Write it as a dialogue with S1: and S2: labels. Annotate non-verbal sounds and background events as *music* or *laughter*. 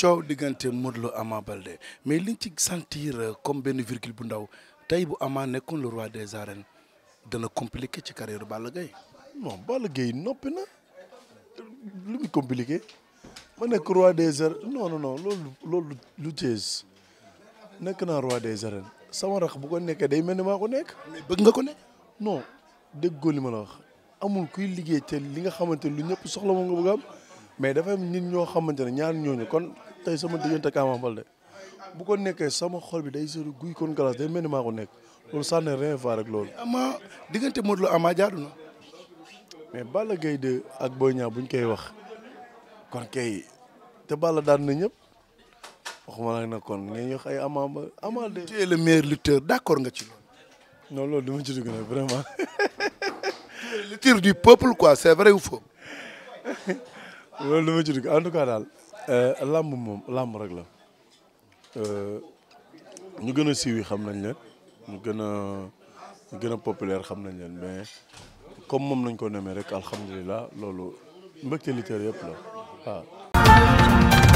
S1: coow diggante Modou mais liñ ci sentir euh, comme benn virgule bu ndaw tey bu Ama nekkoon des arènes dana compliqué ci carrière Balla Gaye non Balla Gaye na lu muy compliqué
S2: ma nekk roi des arènes non non non loolu lu tees nekk naa roi des arènes sama rax bu ko nekkee day mel ni maa ko nekk. mais bëgg nga ko ne. non déggoo li ma la wax amul kuy liggéey te li nga xamante lu ñëpp soxla moom nga bëgg am mais dafa am nit ñoo xamante ne ñaar ñooñu kon tey sama diggante ak Ama Baldé bu ko nekkee sama xol bi day sori guy kon galas day mel ni maa ko nekk loolu ça n'est rien voir ak loolu. ama diggante Modou Lo Ama na. mais Balla Gaye 2 ak Boy Niang buñ koy wax kon kay te bala daan na ñëpp waxuma nag kon ngeen wax ay Ama ba Ama de. tu es le meilleur lutteur d'accord nga ci loolu. non loolu dama ci dugg nag vraiment. *laughs* lutteur du peuple quoi c'est vrai ou faux. *laughs* loolu dama ci dugg en daal. Euh, làmb moom làmb rek la euh, ñu gën a siiw yi xam nañ leen ñu gën a ñu gën a populaire xam nañ leen mais comme moom nañ ko nemee rek alhamdulilah loolu mbégte littère yëpp la waaw